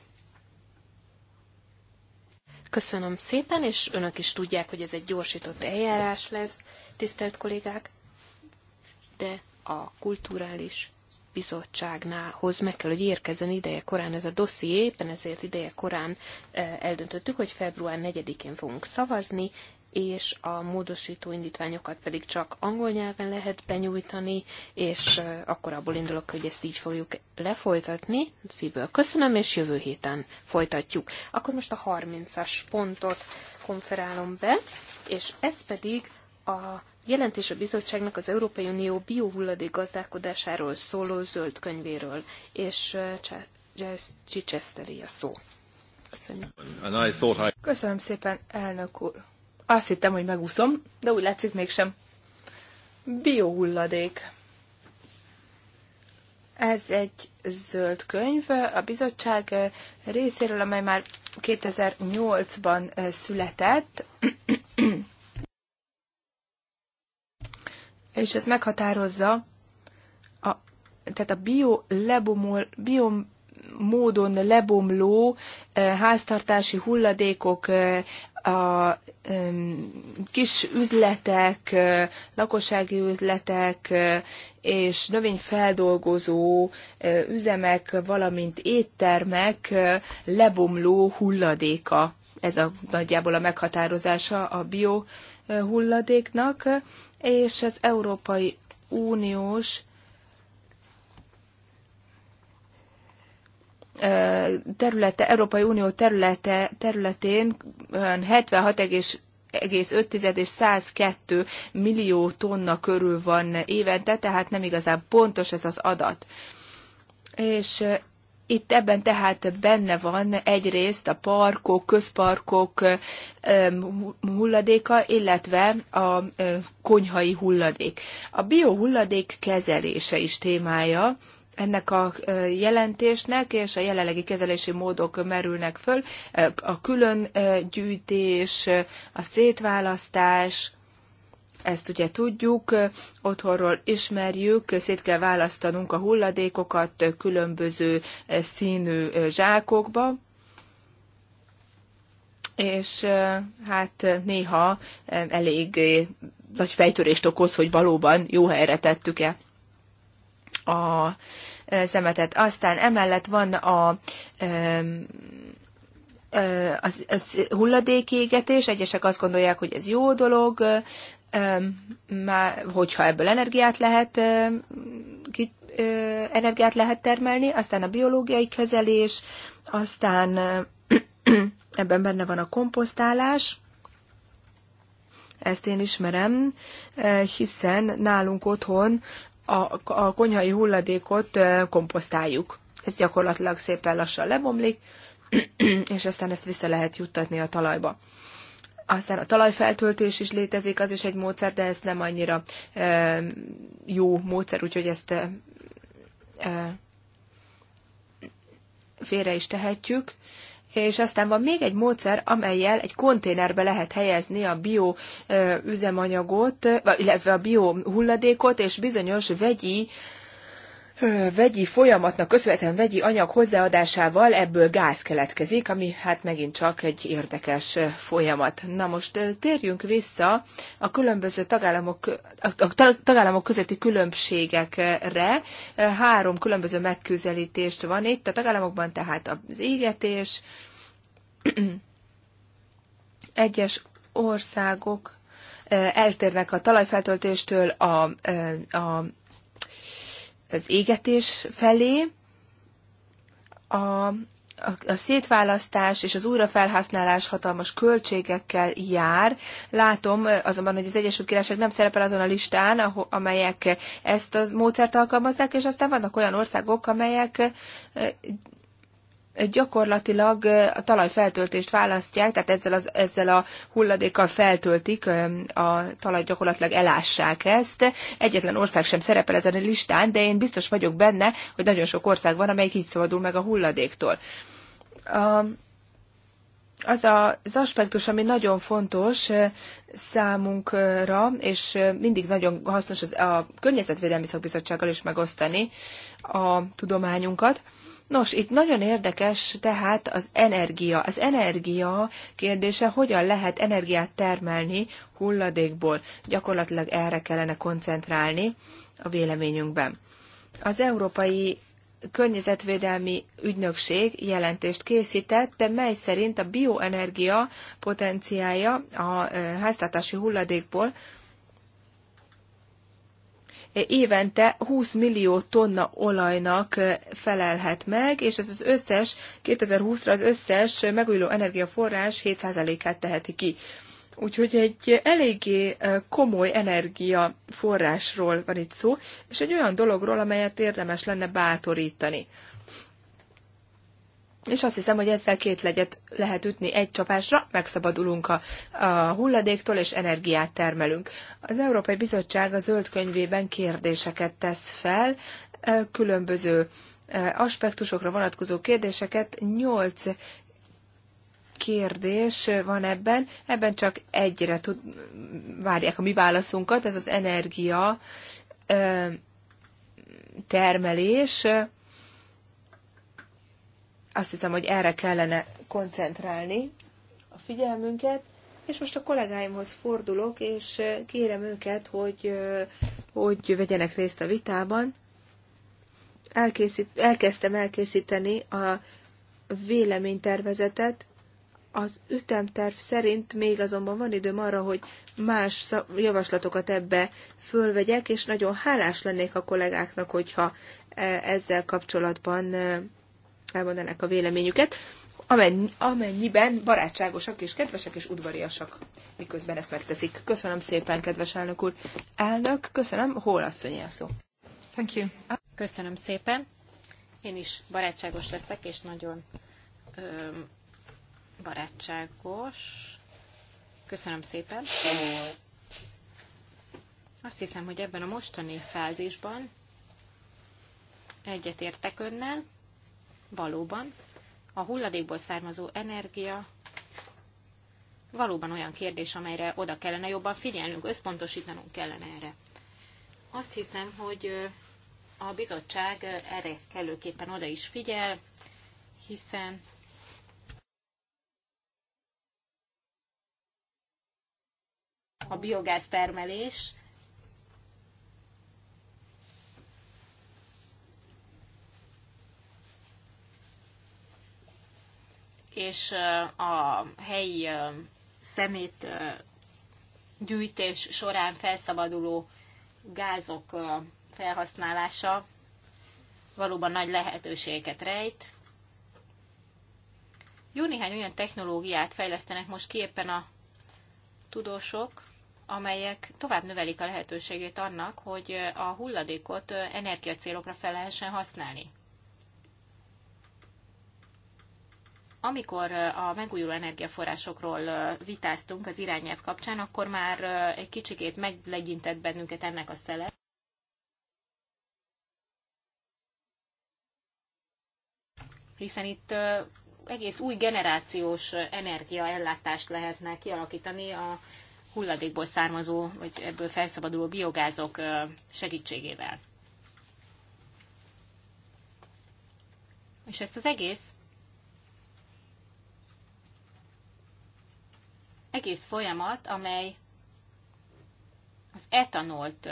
Speaker 2: Köszönöm szépen, és önök is tudják, hogy ez egy gyorsított eljárás lesz, tisztelt kollégák, de a kulturális bizottságnához meg kell, hogy érkezzen ideje korán ez a dosszié, éppen ezért ideje korán eldöntöttük, hogy február 4-én fogunk szavazni, és a módosító indítványokat pedig csak angol nyelven lehet benyújtani, és akkor abból indulok, hogy ezt így fogjuk lefolytatni. Szívből köszönöm, és jövő héten folytatjuk. Akkor most a 30-as pontot konferálom be, és ez pedig a jelentés a bizottságnak az Európai Unió biohulladék gazdálkodásáról szóló zöld könyvéről, és Csicseszteri a
Speaker 3: szó.
Speaker 4: Köszönöm. Köszönöm szépen, elnök úr. Azt hittem, hogy megúszom, de úgy látszik mégsem. Biohulladék. Ez egy zöld könyv a bizottság részéről, amely már 2008-ban született. És ez meghatározza, a, tehát a bio lebomol, bio módon lebomló háztartási hulladékok a kis üzletek, lakossági üzletek és növényfeldolgozó üzemek, valamint éttermek lebomló hulladéka. Ez a nagyjából a meghatározása a bio hulladéknak, és az Európai Uniós területe, Európai Unió területe, területén 76,5 és 102 millió tonna körül van évente, tehát nem igazán pontos ez az adat. És itt ebben tehát benne van egyrészt a parkok, közparkok hulladéka, illetve a konyhai hulladék. A biohulladék kezelése is témája ennek a jelentésnek, és a jelenlegi kezelési módok merülnek föl, a külön gyűjtés, a szétválasztás, ezt ugye tudjuk, otthonról ismerjük, szét kell választanunk a hulladékokat különböző színű zsákokba, és hát néha elég nagy fejtörést okoz, hogy valóban jó helyre tettük-e a szemetet. Aztán emellett van a az, az hulladékégetés, egyesek azt gondolják, hogy ez jó dolog, már, hogyha ebből energiát lehet, energiát lehet termelni, aztán a biológiai kezelés, aztán ebben benne van a komposztálás, ezt én ismerem, hiszen nálunk otthon a, a konyhai hulladékot komposztáljuk. Ez gyakorlatilag szépen lassan lebomlik, és aztán ezt vissza lehet juttatni a talajba. Aztán a talajfeltöltés is létezik, az is egy módszer, de ez nem annyira e, jó módszer, úgyhogy ezt e, félre is tehetjük és aztán van még egy módszer, amelyel egy konténerbe lehet helyezni a bio üzemanyagot, illetve a bio hulladékot, és bizonyos vegyi vegyi folyamatnak köszönhetően vegyi anyag hozzáadásával ebből gáz keletkezik, ami hát megint csak egy érdekes folyamat. Na most térjünk vissza a különböző tagállamok, a tagállamok közötti különbségekre. Három különböző megközelítést van itt a tagállamokban, tehát az égetés, egyes országok eltérnek a talajfeltöltéstől, a, a az égetés felé, a, a szétválasztás és az újrafelhasználás hatalmas költségekkel jár. Látom azonban, hogy az Egyesült Királyság nem szerepel azon a listán, amelyek ezt a módszert alkalmazzák, és aztán vannak olyan országok, amelyek gyakorlatilag a talajfeltöltést választják, tehát ezzel, az, ezzel a hulladékkal feltöltik, a talaj gyakorlatilag elássák ezt. Egyetlen ország sem szerepel ezen a listán, de én biztos vagyok benne, hogy nagyon sok ország van, amelyik így szabadul meg a hulladéktól. A, az az aspektus, ami nagyon fontos számunkra, és mindig nagyon hasznos az, a Környezetvédelmi Szakbizottsággal is megosztani a tudományunkat, Nos, itt nagyon érdekes tehát az energia. Az energia kérdése, hogyan lehet energiát termelni hulladékból. Gyakorlatilag erre kellene koncentrálni a véleményünkben. Az Európai Környezetvédelmi Ügynökség jelentést készített, de mely szerint a bioenergia potenciája a háztartási hulladékból évente 20 millió tonna olajnak felelhet meg, és ez az összes, 2020-ra az összes megújuló energiaforrás 7%-át teheti ki. Úgyhogy egy eléggé komoly energiaforrásról van itt szó, és egy olyan dologról, amelyet érdemes lenne bátorítani. És azt hiszem, hogy ezzel két legyet lehet ütni egy csapásra, megszabadulunk a, a hulladéktól, és energiát termelünk. Az Európai Bizottság a zöld könyvében kérdéseket tesz fel, különböző aspektusokra vonatkozó kérdéseket, nyolc kérdés van ebben, ebben csak egyre tud, várják a mi válaszunkat, ez az energia termelés, azt hiszem, hogy erre kellene koncentrálni a figyelmünket, és most a kollégáimhoz fordulok, és kérem őket, hogy, hogy vegyenek részt a vitában. Elkészít, elkezdtem elkészíteni a véleménytervezetet, az ütemterv szerint még azonban van időm arra, hogy más javaslatokat ebbe fölvegyek, és nagyon hálás lennék a kollégáknak, hogyha e, ezzel kapcsolatban elmondanák a véleményüket, amennyiben barátságosak és kedvesek és udvariasak, miközben ezt megteszik. Köszönöm szépen, kedves elnök úr. Elnök, köszönöm, hol a szó. Thank you.
Speaker 3: Köszönöm szépen. Én is barátságos leszek, és nagyon öm, barátságos. Köszönöm szépen. Azt hiszem, hogy ebben a mostani fázisban egyetértek önnel, valóban a hulladékból származó energia valóban olyan kérdés, amelyre oda kellene jobban figyelnünk, összpontosítanunk kellene erre. Azt hiszem, hogy
Speaker 1: a bizottság erre
Speaker 3: kellőképpen oda is figyel, hiszen a biogáz termelés és a helyi szemét gyűjtés során felszabaduló gázok felhasználása valóban nagy lehetőséget rejt. Jó néhány olyan technológiát fejlesztenek most ki éppen a tudósok, amelyek tovább növelik a lehetőségét annak, hogy a hulladékot energiacélokra fel lehessen használni. amikor a megújuló energiaforrásokról vitáztunk az irányelv kapcsán, akkor már egy kicsikét meglegyintett bennünket ennek a szele. Hiszen itt egész új generációs energiaellátást lehetne kialakítani a hulladékból származó, vagy ebből felszabaduló biogázok segítségével. És ezt az egész egész folyamat, amely az etanolt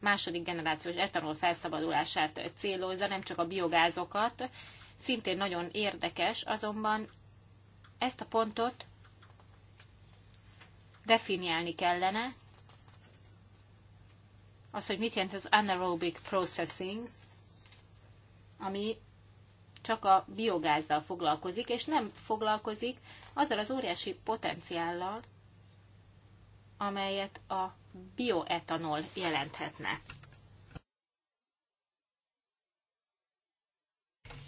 Speaker 3: második generációs etanol felszabadulását célozza, nem csak a biogázokat, szintén nagyon érdekes, azonban ezt a pontot definiálni kellene, az, hogy mit jelent az anaerobic processing, ami csak a biogázzal foglalkozik, és nem foglalkozik azzal az óriási potenciállal, amelyet a bioetanol jelenthetne.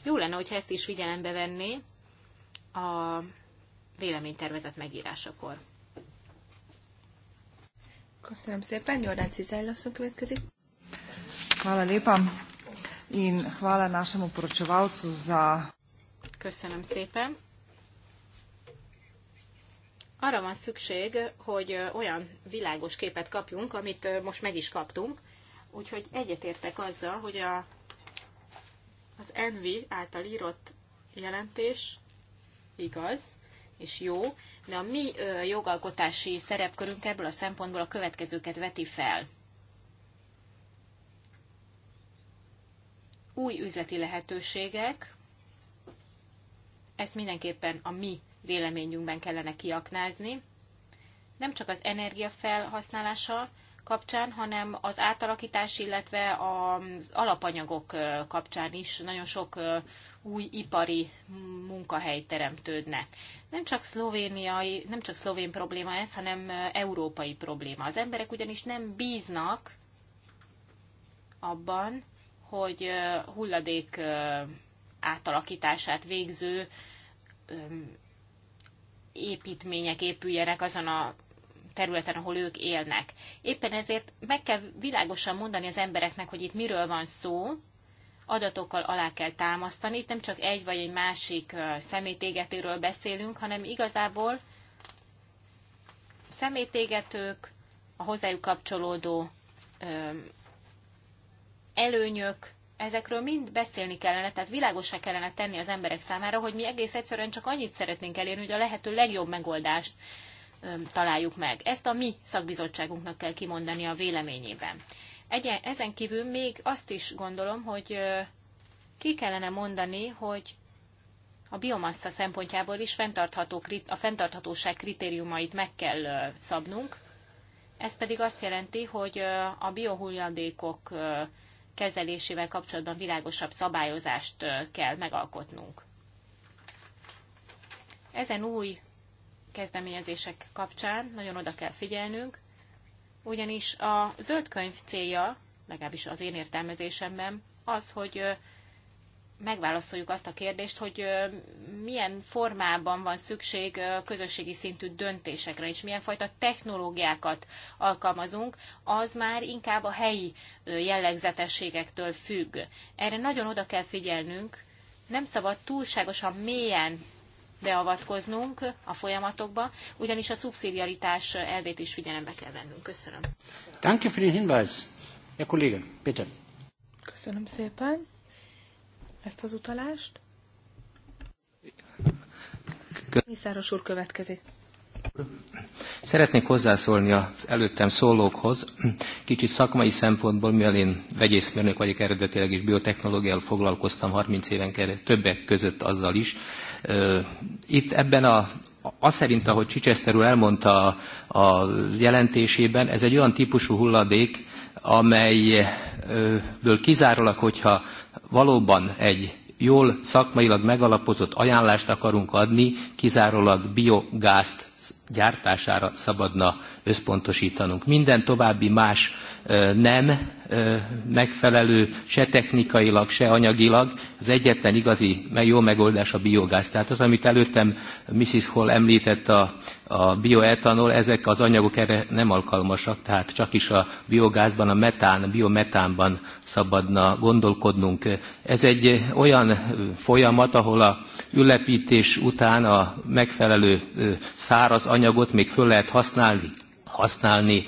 Speaker 3: Jó lenne, hogyha ezt is figyelembe venné a véleménytervezet megírásakor.
Speaker 4: Köszönöm szépen, Jordán Cizajlaszon következik. Hvala lépa, in hvala našemu poročevalcu za... Köszönöm szépen
Speaker 3: arra van szükség, hogy olyan világos képet kapjunk, amit most meg is kaptunk. Úgyhogy egyetértek azzal, hogy a, az Envi által írott jelentés igaz és jó, de a mi jogalkotási szerepkörünk ebből a szempontból a következőket veti fel. Új üzleti lehetőségek, ezt mindenképpen a mi véleményünkben kellene kiaknázni. Nem csak az energiafelhasználása kapcsán, hanem az átalakítás, illetve az alapanyagok kapcsán is nagyon sok új ipari munkahely teremtődne. Nem csak, szlovéniai, nem csak szlovén probléma ez, hanem európai probléma. Az emberek ugyanis nem bíznak abban, hogy hulladék átalakítását végző építmények épüljenek azon a területen, ahol ők élnek. Éppen ezért meg kell világosan mondani az embereknek, hogy itt miről van szó, adatokkal alá kell támasztani. Itt nem csak egy vagy egy másik szemétégetőről beszélünk, hanem igazából szemétégetők, a hozzájuk kapcsolódó előnyök, ezekről mind beszélni kellene, tehát világosá kellene tenni az emberek számára, hogy mi egész egyszerűen csak annyit szeretnénk elérni, hogy a lehető legjobb megoldást találjuk meg. Ezt a mi szakbizottságunknak kell kimondani a véleményében. Egyen, ezen kívül még azt is gondolom, hogy ki kellene mondani, hogy a biomassa szempontjából is fenntartható, a fenntarthatóság kritériumait meg kell szabnunk. Ez pedig azt jelenti, hogy a biohulladékok kezelésével kapcsolatban világosabb szabályozást kell megalkotnunk. Ezen új kezdeményezések kapcsán nagyon oda kell figyelnünk, ugyanis a zöldkönyv célja, legalábbis az én értelmezésemben, az, hogy megválaszoljuk azt a kérdést, hogy milyen formában van szükség közösségi szintű döntésekre, és milyen fajta technológiákat alkalmazunk, az már inkább a helyi jellegzetességektől függ. Erre nagyon oda kell figyelnünk, nem szabad túlságosan mélyen beavatkoznunk a folyamatokba, ugyanis a szubszidiaritás elvét is figyelembe kell vennünk. Köszönöm.
Speaker 1: Danke für den Hinweis. Herr Kollege, bitte.
Speaker 3: Köszönöm
Speaker 4: szépen ezt az utalást. Mészáros úr következik.
Speaker 1: Szeretnék hozzászólni az előttem szólókhoz. Kicsit szakmai szempontból, mivel én vegyészmérnök vagyok eredetileg, is biotechnológiával foglalkoztam 30 éven keresztül, többek között azzal is. Itt ebben a azt szerint, ahogy Csicseszter úr elmondta a, a jelentésében, ez egy olyan típusú hulladék, amelyből kizárólag, hogyha valóban egy jól szakmailag megalapozott ajánlást akarunk adni, kizárólag biogázt gyártására szabadna összpontosítanunk. Minden további más nem megfelelő, se technikailag, se anyagilag. Az egyetlen igazi jó megoldás a biogáz. Tehát az, amit előttem Mrs. Hall említett a a bioetanol, ezek az anyagok erre nem alkalmasak, tehát csak is a biogázban, a metán, a biometánban szabadna gondolkodnunk. Ez egy olyan folyamat, ahol a ülepítés után a megfelelő száraz anyagot még föl lehet használni, használni,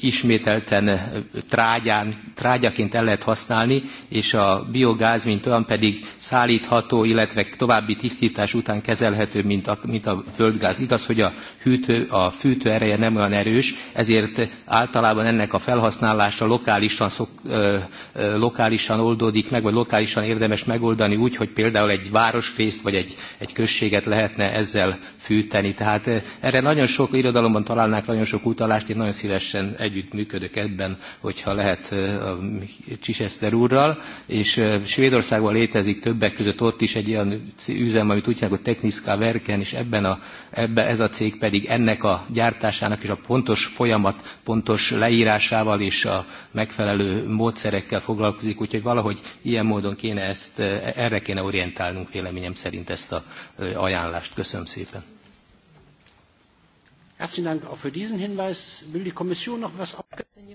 Speaker 1: ismételten trágyán, trágyaként el lehet használni, és a biogáz, mint olyan pedig szállítható, illetve további tisztítás után kezelhető, mint a, mint a földgáz. Igaz, hogy a, hűtő, a fűtő ereje nem olyan erős, ezért általában ennek a felhasználása lokálisan, szok, ö, ö, lokálisan oldódik meg, vagy lokálisan érdemes megoldani úgy, hogy például egy városrészt vagy egy, egy községet lehetne ezzel fűteni. Tehát erre nagyon sok irodalomban találnák nagyon sok sok utalást, én nagyon szívesen együttműködök ebben, hogyha lehet a Csiseszter úrral, és Svédországban létezik többek között ott is egy olyan üzem, amit úgy hogy Techniska Verken, és ebben, a, ebben ez a cég pedig ennek a gyártásának és a pontos folyamat, pontos leírásával és a megfelelő módszerekkel foglalkozik, úgyhogy valahogy ilyen módon kéne ezt, erre kéne orientálnunk véleményem szerint ezt a ajánlást. Köszönöm szépen.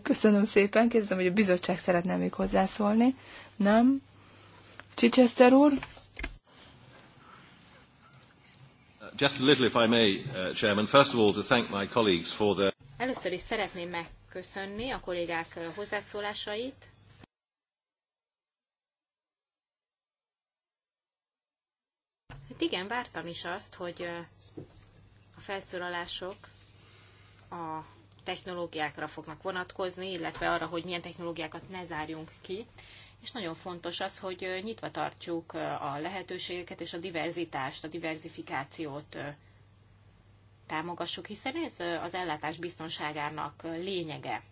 Speaker 4: Köszönöm szépen, kérdezem, hogy a bizottság szeretne még hozzászólni. Nem? Chichester úr?
Speaker 1: Just a little, if I may, uh, Chairman. First of all, to thank my colleagues for the. Először
Speaker 3: is szeretném megköszönni a kollégák uh, hozzászólásait. Hát igen, vártam is azt, hogy uh, a felszólalások a technológiákra fognak vonatkozni, illetve arra, hogy milyen technológiákat ne zárjunk ki. És nagyon fontos az, hogy nyitva tartjuk a lehetőségeket és a diverzitást, a diversifikációt támogassuk, hiszen ez az ellátás biztonságának lényege.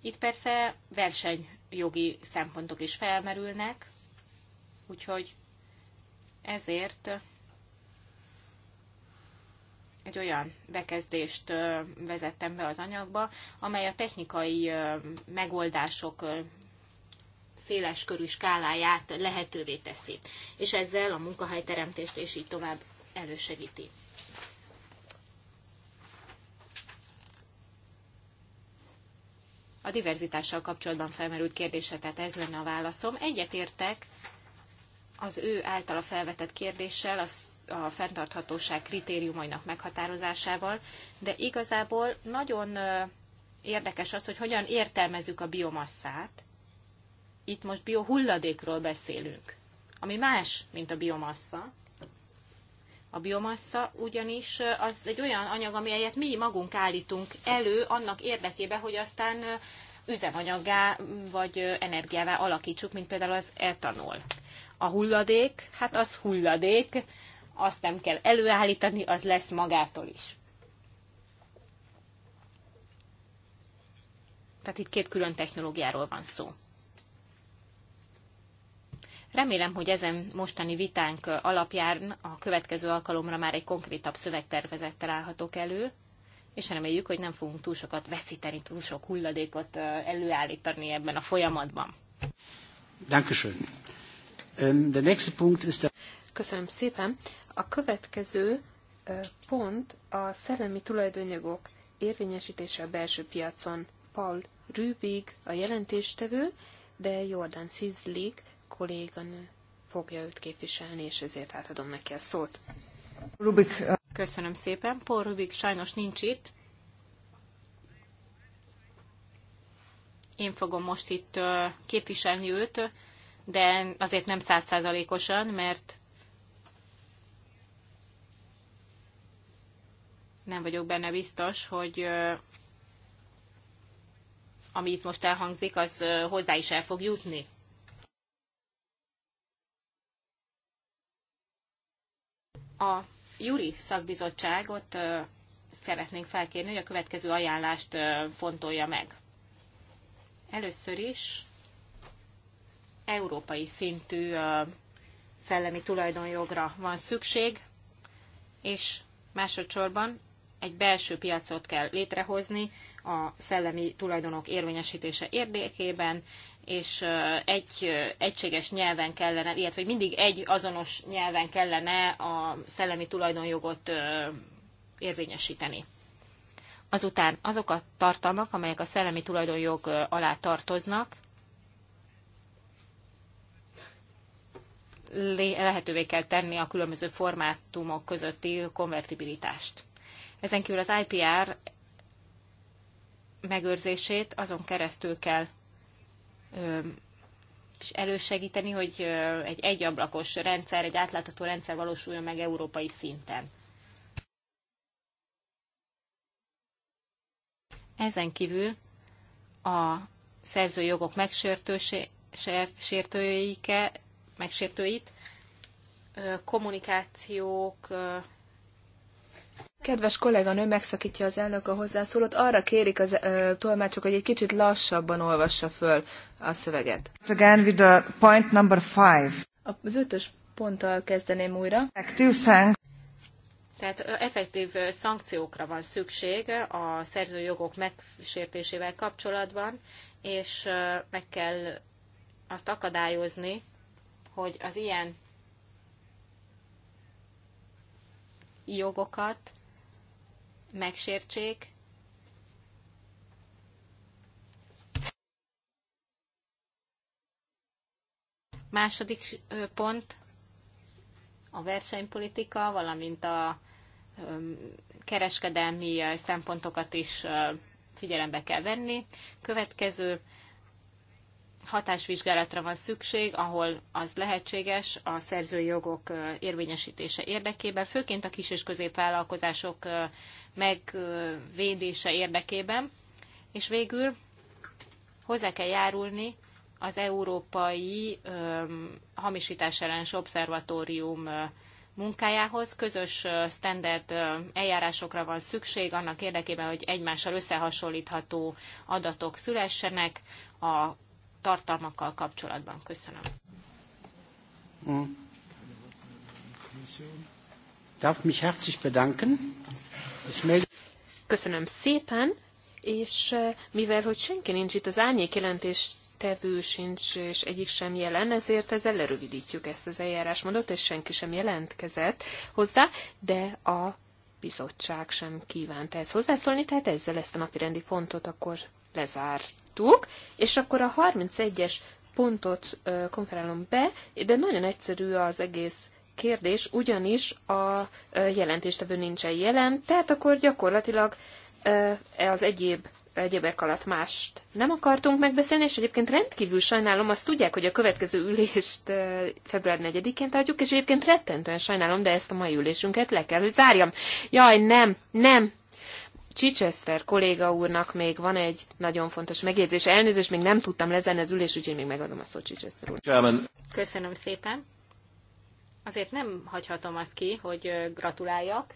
Speaker 3: Itt persze versenyjogi szempontok is felmerülnek, úgyhogy ezért egy olyan bekezdést vezettem be az anyagba, amely a technikai megoldások széles körű skáláját lehetővé teszi, és ezzel a munkahelyteremtést és így tovább elősegíti. A diverzitással kapcsolatban felmerült kérdése, tehát ez lenne a válaszom. Egyetértek az ő általa felvetett kérdéssel, az a fenntarthatóság kritériumainak meghatározásával, de igazából nagyon érdekes az, hogy hogyan értelmezzük a biomasszát. Itt most biohulladékról beszélünk, ami más, mint a biomassa. A biomassa ugyanis az egy olyan anyag, amelyet mi magunk állítunk elő annak érdekében, hogy aztán üzemanyaggá vagy energiává alakítsuk, mint például az etanol. A hulladék, hát az hulladék, azt nem kell előállítani, az lesz magától is. Tehát itt két külön technológiáról van szó. Remélem, hogy ezen mostani vitánk alapján a következő alkalomra már egy konkrétabb szövegtervezettel állhatok elő, és reméljük, hogy nem fogunk túl sokat veszíteni, túl sok hulladékot előállítani ebben a folyamatban.
Speaker 1: Ähm,
Speaker 2: Köszönöm szépen. A következő pont a szellemi tulajdonjogok érvényesítése a belső piacon. Paul Rübig a jelentéstevő, de Jordan Szizlik kolléganő fogja őt képviselni, és ezért átadom
Speaker 3: neki a szót. Rubik. Köszönöm szépen. Paul Rubik sajnos nincs itt. Én fogom most itt képviselni őt, de azért nem százszázalékosan, mert nem vagyok benne biztos, hogy ami itt most elhangzik, az hozzá is el fog jutni. A Juri szakbizottságot szeretnénk felkérni, hogy a következő ajánlást fontolja meg. Először is európai szintű szellemi tulajdonjogra van szükség, és másodszorban egy belső piacot kell létrehozni a szellemi tulajdonok érvényesítése érdekében, és egy egységes nyelven kellene, illetve mindig egy azonos nyelven kellene a szellemi tulajdonjogot érvényesíteni. Azután azok a tartalmak, amelyek a szellemi tulajdonjog alá tartoznak, lehetővé kell tenni a különböző formátumok közötti konvertibilitást. Ezen kívül az IPR megőrzését azon keresztül kell és elősegíteni, hogy egy egyablakos rendszer, egy átlátható rendszer valósuljon meg európai szinten. Ezen kívül a jogok megsértőit, megsértőit kommunikációk
Speaker 4: Kedves kolléganő, megszakítja az elnök a hozzászólót. Arra kérik az ö, tolmácsok, hogy egy kicsit lassabban olvassa föl a szöveget. Again with the point number five. Az ötös ponttal kezdeném újra.
Speaker 3: Tehát effektív szankciókra van szükség a szerzőjogok megsértésével kapcsolatban, és meg kell azt akadályozni, hogy az ilyen jogokat megsértsék, Második pont a versenypolitika, valamint a kereskedelmi szempontokat is figyelembe kell venni. Következő hatásvizsgálatra van szükség, ahol az lehetséges a szerzői jogok érvényesítése érdekében, főként a kis és középvállalkozások megvédése érdekében, és végül hozzá kell járulni az Európai Hamisítás ellenes Obszervatórium munkájához. Közös standard eljárásokra van szükség annak érdekében, hogy egymással összehasonlítható adatok szülessenek a tartalmakkal kapcsolatban. Köszönöm.
Speaker 1: Hm. Darf mich herzlich bedanken.
Speaker 2: Köszönöm szépen, és mivel hogy senki nincs itt, az árnyék jelentés tevő sincs, és egyik sem jelen, ezért ezzel lerövidítjük ezt az eljárásmódot, és senki sem jelentkezett hozzá, de a bizottság sem kívánt ezt hozzászólni, tehát ezzel ezt a napi rendi pontot akkor lezárt elfogadtuk, és akkor a 31-es pontot konferálom be, de nagyon egyszerű az egész kérdés, ugyanis a jelentéstevő nincsen jelen, tehát akkor gyakorlatilag e az egyéb egyébek alatt mást nem akartunk megbeszélni, és egyébként rendkívül sajnálom, azt tudják, hogy a következő ülést február 4-én tartjuk, és egyébként rettentően sajnálom, de ezt a mai ülésünket le kell, hogy zárjam. Jaj, nem, nem, Chichester kolléga úrnak még van egy nagyon fontos megjegyzés. Elnézést, még nem tudtam lezenni az ülés, úgyhogy még megadom a szót Chichester úr.
Speaker 3: Köszönöm szépen. Azért nem hagyhatom azt ki, hogy gratuláljak,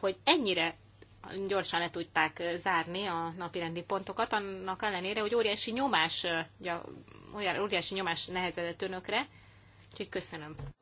Speaker 3: hogy ennyire gyorsan le tudták zárni a napirendi pontokat, annak ellenére, hogy óriási nyomás, ugye, óriási nyomás nehezedett önökre, úgyhogy köszönöm.